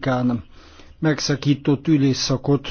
Kán megszakított ülésszakot